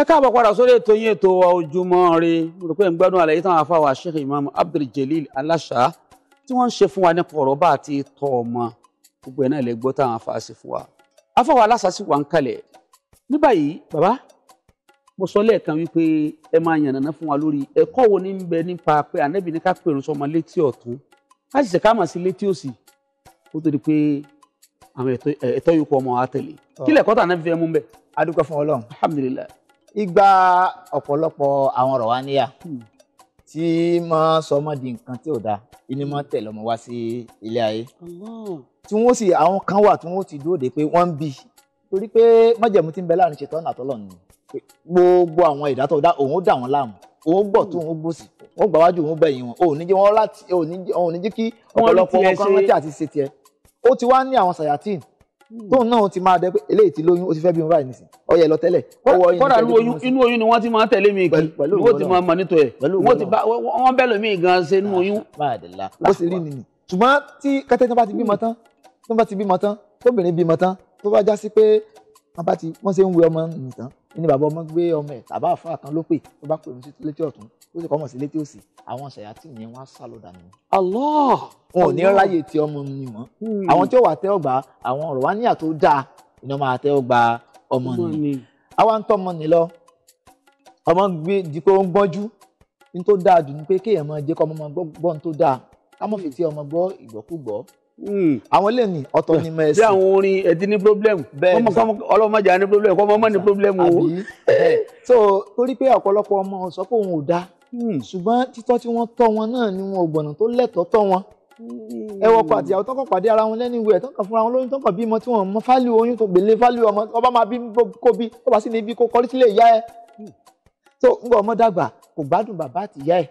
ẹ káàbọ̀ padà sórí ètò yín ètò wa ojúmọ́ ire mo rò pé ń gbádùn àlàyé táwọn afáwà Sheikh Imam Abdul Jelil Alasha tí wọ́n ń ṣe fún wa nípa ọ̀rọ̀ bá àti tọ́ ọmọ gbogbo ẹ̀ náà lè gbọ́ táwọn afáà ṣe fún wa afáwà Alasha sì wà ń kalẹ̀ ní báyìí bàbá mo sọ lẹ́ẹ̀kan wípé ẹ máa yànnàná fún wa lórí ẹ̀kọ́ wo ní ń bẹ nípa pé ànábì ní ká pèrún sọmọ létí ọ̀tún ká ṣe ká mà fún Ọlọ́run. alhamdulilayi igba ọ̀pọ̀lọpọ̀ àwọn ọ̀rọ̀ wa níyà tí mọ́ sọmọ́ di nǹkan tí ò dáa inú mọ́ tẹ̀lé ọmọ wá sí ilé ayé tí wọ́n sì àwọn kan wà tí wọ́n ti dúró de pé wọ́n ń bí torí pé májẹ̀mú ti ń bẹ láàrin ṣètọ́nà àtọ́lọ̀ nù gbogbo àwọn ìdá tó dá òun dà wọ́n láàmú òun gbọ́ tó òun gbòsì òun gbàwájú òun gbẹ̀yìn wọn òun ní jẹ́ wọn láti òun ní jẹ́ kí ọ̀pọ̀lọpọ̀ wọn kan rántí àti ṣe tiẹ̀ ó ti wá ní àwọn sayatin Hmm. tóun náà ti máa dẹ pé eléyìí ti lóyún ó ti fẹ́ bí mo báyìí nísìn ọyẹ lọ tẹ́lẹ̀ ọwọ́ yìí kọ́dà inú oyún ni wọ́n ti máa tẹ̀lé mi kí wọ́n ti máa mọ̀ nítorí ẹ̀ wọ́n bẹ́ẹ̀ lómi gan ṣe nínú ah, oyún. ó sì rí nìyí ṣùgbọ́n tí kẹ́tẹ́ tó bá ti bímọ tán tó bá ti bímọ tán tóbìnrin bímọ tán tó bá já sí pé wọ́n bá ti wọ́n ṣe ń wẹ ọmọ nìtàn ní bàbá ọmọ gbé ọmọ ẹ̀ tàbá àfa kan ló pè tó bá pè mí sí létí ọ̀tún ó sì kọ́ mọ̀ sí létí òsì àwọn ṣẹ̀yà tì yẹn wọ́n á sá lọ dànù. Allah wọn ò ní ráyè tí ọmọ mi mọ́ hmm. àwọn tí ó wà tẹ́ ọgbà àwọn ọ̀rọ̀ wá níyà tó dáa iná máa tẹ́ ọgbà ọmọ ni. àwa ń tọ́ ọmọ ni lọ ọmọ gbé di pé ó ń gbọ́njú ní tó dáa jù ní pé kéèyàn máa jẹ́ kọ́ ọmọ gbọ́n tó dáa ká mọ̀ fi ti ọmọ gbọ́ ìgbọ́kúgbọ́ Hmm. àwọn ilé ní ọ̀tọ̀ ni mọ ẹsìn. bí àwọn orin ẹtí ní problem bẹ́ẹ̀ni ọlọmọjà ní problem kọmọ ní problem o. so torí pé ọ̀pọ̀lọpọ̀ ọmọ sọ pé òun ò dáa hmm. ṣùgbọ́n títọ́ tí wọ́n tọ́ wọn náà ni wọn ò gbọ̀nà tó lẹ́tọ̀ọ́ tọ́ wọn. Hmm. ẹ wọkọ àti àwọn tọkàn pàdé ara wọn lẹ́nu ìwé ẹ̀ tọkàn fúnra wọn lóyún tọkàn bímọ tí wọn mọ fálù oyún tó gbèlè fálù ọmọ ọba máa bí kó bí ó bá sì ní ibi kó kọrí sílé ìyá ẹ. so ngbọ ọmọ dàgbà kò gbádùn bàbá àtìyá ẹ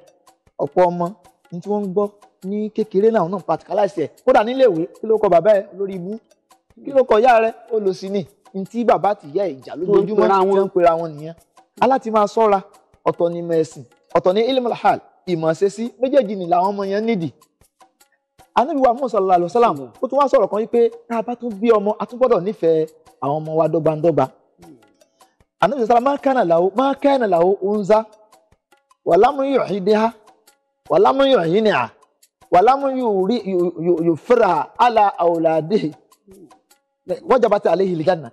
ọ̀pọ̀ ọmọ ní tí wọ́n ń gbọ́ ní kékeré náà náà practicalize ẹ̀ kódà níléèwé kí ló kọ bàbá ẹ lórí ibú kí ló kọ ìyá rẹ ó lọ sí ni ní tí bàbá àti ìyá ìjà lójoojúmọ́ tí ń pera wọn nìyẹn aláti máa sọ́ra ọ̀tọ̀ ni ìmọ̀ ẹ̀sìn ọ̀tọ̀ ni ilmul hal ìmọ̀ ṣe sí méjèèjì ni làwọn ọmọ yẹn nídìí Ànábì wa Muhammad sallallahu a bá tún bí ọmọ a tún gbọ́dọ̀ nífẹ̀ẹ́ àwọn ọmọ wa dọ́gbandọ́gba Ànábì walamu yuhyinia walamu yuri yufira ala awuladihi wajabata alehi lijanna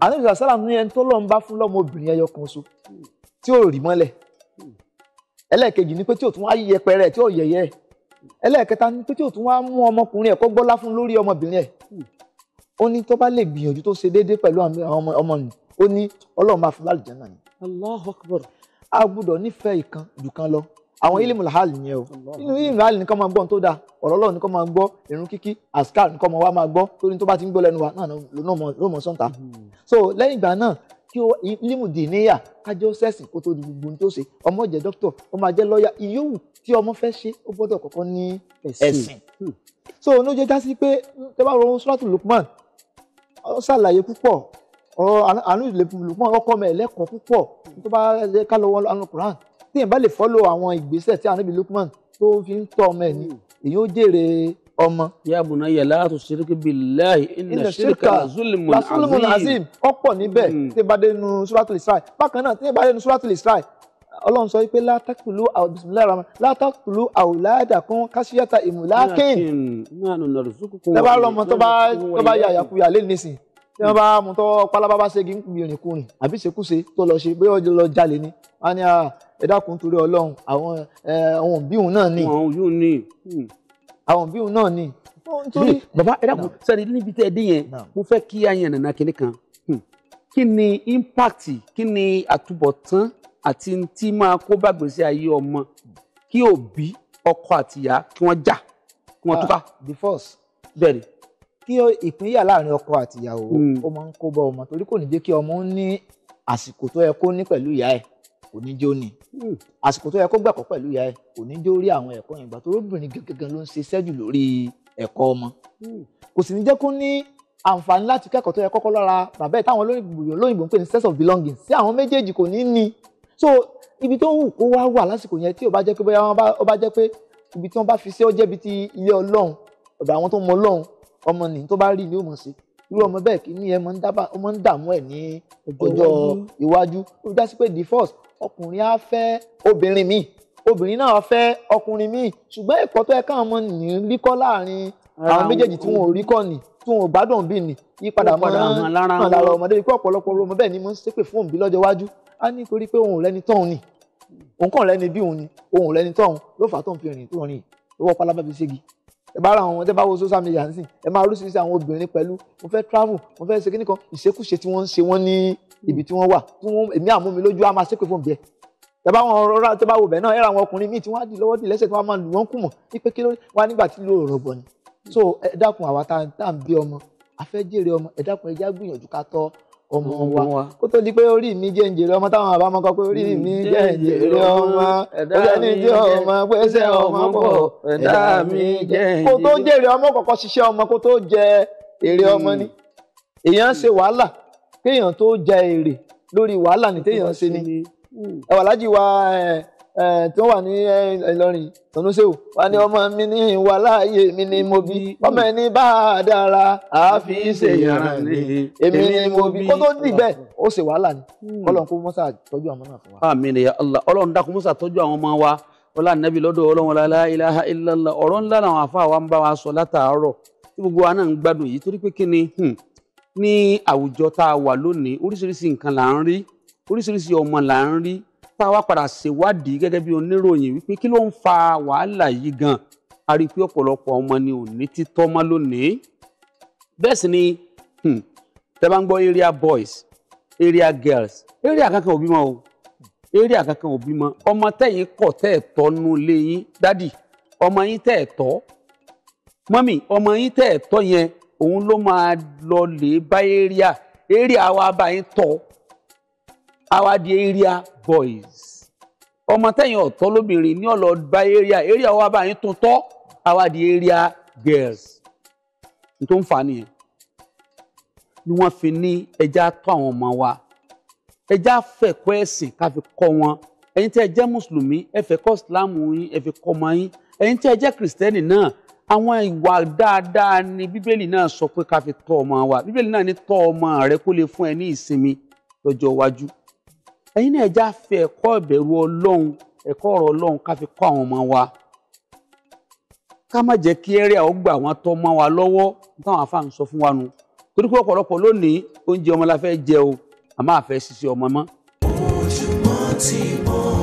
anabi sàlám ní ẹni tó lọ ń bá fún lọ́mọ obìnrin ẹyọ kan so tí ò rí mọ́lẹ̀ ẹlẹ́ẹ̀kejì ni pé tí ò tún wá yẹpẹrẹ tí ò yẹyẹ ẹlẹ́ẹ̀kẹta ni pé tí ò tún wá mú ọmọkùnrin ẹ̀ kó gbọ́lá fún lórí ọmọbìnrin ẹ̀ ó ní tó bá lè gbìyànjú tó ṣe déédéé pẹ̀lú àwọn ọmọ nù ó ní ọlọ́run máa fún lálùjẹ́ náà ni. Allahu Akbar. a gbọ́dọ̀ nífẹ̀ẹ́ ìkan jù kan lọ àwọn ilé mulhal nìyẹn o inú ilé mulhal nìkan máa gbọ́ ohun tó dáa ọ̀rọ̀ Ọlọ́run nìkan máa gbọ́ irun kíkí askar nìkan máa wá máa gbọ́ torí tó bá ti ń gbọ́ lẹ́nu wa náà ló mọ̀ sọ́ǹtà hmm. so lẹ́yìn ìgbà náà kí o límùdì níyà kájọ sẹ́sìn kó tó di gbogbo ohun tó ṣe ọmọ jẹ́ dókítọ̀ ó máa jẹ́ lọ́ọ̀yà ìyóhù tí ọmọ fẹ́ ṣe ó gbọ́dọ̀ kọ́kọ́ ní ẹ̀sìn hmm. so ní ó jẹ́ já sí pé tẹ́ bá rọ Suratul Luqman ó ṣàlàyé púpọ̀ ọ̀rọ̀ àánú ìlẹ̀kùn Luqman ọkọ mẹ́ẹ̀lẹ́kọ̀ọ́ púpọ̀ téèyàn bá lè fọ́lọ̀ àwọn ìgbésẹ̀ tí ànábì Lukman tó fi ń tọ́ ọmọ ẹ̀ ní èyí ó jèrè ọmọ. ya bunayya la tushrik billahi inna shirka zulmun azim ọ̀pọ̀ níbẹ̀ hmm. tí bá dé nu suratul Isra bákan náà tí bá dé nu suratul Isra ọlọ́run sọ wípé látàkùlù bismillahir látàkùlù àwòládàkún káṣíyàtà ìmùlákìn. náà nù nàrùsùkùn. tẹ́ bá lọ́mọ tó bá yàyàkuyà lé nísìnyí tí wọ́n bá mú tọ́ pálábá bá ṣégi rìn kùnrin àbí ṣekúṣe tó lọ ṣe bóyá ọjọ́ lọ jalè ni wọ́n á ní ẹ dákun torí ọlọ́run àwọn àwọn òbí òun náà ni. àwọn òbí òun ni. Hmm. àwọn òbí òun náà ni. bàbá ẹ dákun sẹ́ni níbi tẹ́ ẹ dé yẹn mo fẹ́ kí ayan nàná kínní kan hmm. kí ni impact kí ni àtúbọ̀tán àti tí máa kó bàgbèsè ayé ọmọ kí òbí ọkọ àtìyá kí wọ́n jà kí wọ́n ah, túká. divorce. bẹ́ẹ̀ ni kí ìpínyà láàrin ọkọ àti ìyàwó hmm. ó máa ń kó bá ọmọ torí kò ní jẹ́ kí ọmọ ó ní àsìkò tó yẹ kó ní pẹ̀lú ìyá ẹ̀ kò ní jó ni hmm. àsìkò tó yẹ kó gbàgbọ́ pẹ̀lú ìyá ẹ̀ kò ní jó rí àwọn ẹ̀kọ́ yẹn gbà tó lóbìnrin gangan ló ń ṣe sẹ́jù lórí ẹ̀kọ́ ọmọ hmm. kò sì ní jẹ́ kó ní àǹfààní láti kẹ́kọ̀ọ́ tó yẹ kọ́kọ́ lọ́ra bàbá ẹ̀ táwọn olóyìnbó ń pè ní sense of belonging sí àwọn méjèèjì kò ní ni so ibi tó wù kó wá wà lásìkò yẹn tí ò bá jẹ́ pé bóyá ó bá jẹ́ pé ibi tí wọ́n bá fi sí ó jẹ́ ti ilé ọlọ́run ọ̀dọ̀ àwọn tó mọ ọlọ́run ọmọ nìyí tó bá rí ni ó mọ̀ sí irú ọmọ bẹ́ẹ̀ kí ni ẹ mọ̀ ń dábà ó mọ̀ ń dààmú ẹ̀ ní ọjọ́ iwájú ó já sí pé divorce ọkùnrin á fẹ́ obìnrin mi. obìnrin náà fẹ́ ọkùnrin míì ṣùgbọ́n ẹ̀kọ́ tó yẹ káwọn ọmọ nìyí rí kọ́ láàrin àwọn méjèèjì tí wọn ò rí kọ́ ni tí wọn ò gbádùn bí ni yípadà mọ́ hàn lára ọmọdé wípé ọ̀pọ̀lọpọ̀ ọmọ bẹ́ẹ̀ ni mo ń ṣépè fún òbí lọ́jọ́ iwájú á ní torí pé òun lẹ́ni tọ́hún ni òun kàn lẹ́ni bí òun ni òun lẹ́ni tọ́hún ló fà á tó ń fi rìn tó rìn lọ́wọ́ pálábá ségi ẹ bá ra àwọn ọmọdé bá wo social media nísìn ẹ máa oríṣiríṣi àwọn obìnrin pẹ̀lú mo fẹ́ travel mo fẹ́ ṣe kíní kan ìṣekúṣe tí wọ́n ń ṣe wọ́n ní ibi tí wọ́n wà tí wọ́n èmi àmúmi lójú á máa ṣépè fún bẹ́ẹ̀ tẹ́bá wọn rọra tẹ́bá wo bẹ̀ náà ẹ̀rọ àwọn ọkùnrin míì tí wọ́n á di lọ́wọ́ di lẹ́sẹ̀ tí wọ́n á máa lù wọ́n kù wípé kí ló wá nígbà tí ló rọ̀gbọ̀ ni. so ẹ dákun àwa tá à ń bí ọmọ a fẹ́ jèrè ọmọ ẹ dákun ẹ já gbìyànjú ká tọ́ ọmọ wa kó tó di pé orí mi jẹ́ ǹjèrè ọmọ táwọn bàbá máa kọ pé orí mi jẹ́ ǹjèrè ọmọ ẹ̀dá mi jẹ́ ọmọ pẹ́sẹ́ ọmọ pọ̀ ẹ̀dá mi jẹ́ ǹjèrè. kó tó jèrè ọmọ kọ́kọ́ ṣiṣẹ́ ọmọ kó tó jẹ èrè ọmọ ni èèyàn ṣe wàhálà kéèyàn tó jẹ èrè lórí wàhálà ni téèyàn ṣe ni ẹ̀wà lájì wa ẹ̀ tí wọ́n wà ní Ìlọrin tọ́núṣẹ́wò wà ní ọmọ mi ní ìwà láàyè mi ni mo bí ọmọ ẹni bá a dára àáfi ṣe yàrá ni èmi ni mo bí kó tó dì bẹ́ẹ̀ ó ṣe wàhálà ni hmm. Ọlọ́run kó mọ́sà tọ́jú àwọn ọmọ náà fún wa. àmín ya Allah Ọlọ́run dákun mọ́sà tọ́jú àwọn ọmọ wa ọlá nàbí lọ́dọ̀ Ọlọ́run la ilaha illallah ọ̀rọ̀ ńlá làwọn àfáà wa ń bá wa sọ látàárọ̀ tí gbogbo wa náà ń gbádùn yìí torí pé kí ni hmm. ní àwùjọ tá a wà lónìí oríṣiríṣi nǹkan là ń rí oríṣiríṣi ọmọ là ń rí tá a wá padà ṣèwádìí gẹ́gẹ́ bí oníròyìn wípé kí ló ń fa wàhálà yìí gan a rí i pé ọ̀pọ̀lọpọ̀ ọmọ ni ò títọ́ mọ́ lónìí bẹ́ẹ̀ sì ni hmm, tẹ́ bá ń gbọ́ area boys area girls area kankan ò bímọ o area kankan ò bímọ ọmọ tẹ̀yìn kọ̀ tẹ́ ẹ̀ tọ́ nu ilé yín dádì ọmọ yín tẹ́ ẹ̀ tọ́ mọ́mì ọmọ yín tẹ́ ẹ̀ tọ́ yẹn òun ló máa lọ lè bá area area wa bá yín tọ́ Our di area boys ọmọ tẹ̀yìn ọ̀tọ́ lóbìnrin ní ọ̀lọ́ bá area area wa bá yín tuntọ́ our di area girls ní tó ń fa nìyẹn ni wọ́n fi ní ẹja tó àwọn ọmọ wa ẹja fẹ̀kọ́ ẹ̀sìn ká fi kọ́ wọn ẹ̀yin tí ẹ jẹ́ mùsùlùmí ẹ fẹ́ kọ́ ìsìláàmù yín ẹ fi kọ́ ọmọ yín ẹ̀yin tí ẹ jẹ́ kìrìsìtẹ́nì náà àwọn ìwà dáadáa ni bíbélì náà sọ pé ká fi tọ́ ọmọ wa bíbélì náà ní tọ́ ọmọ rẹ kó lè fún ẹ ní ìsinmi lọ́jọ́ iwájú ẹ̀yin náà ẹja fẹ́ ẹ̀kọ́ ìbẹ̀rù Ọlọ́run ẹ̀kọ́ ọ̀rọ̀ Ọlọ́run ká fi kọ́ àwọn ọmọ wa ká má jẹ́ kí ẹrẹ àwọn gbà wọn tọ́ mọ́ wa lọ́wọ́ táwọn afáàn sọ fún wa nu torí pé ọ̀pọ̀lọpọ̀ lónìí oúnjẹ ọmọ la fẹ́ jẹ o àmọ́ àfẹ́ ṣiṣẹ́ ọmọ mọ́. ojúmọ́ ti mọ́.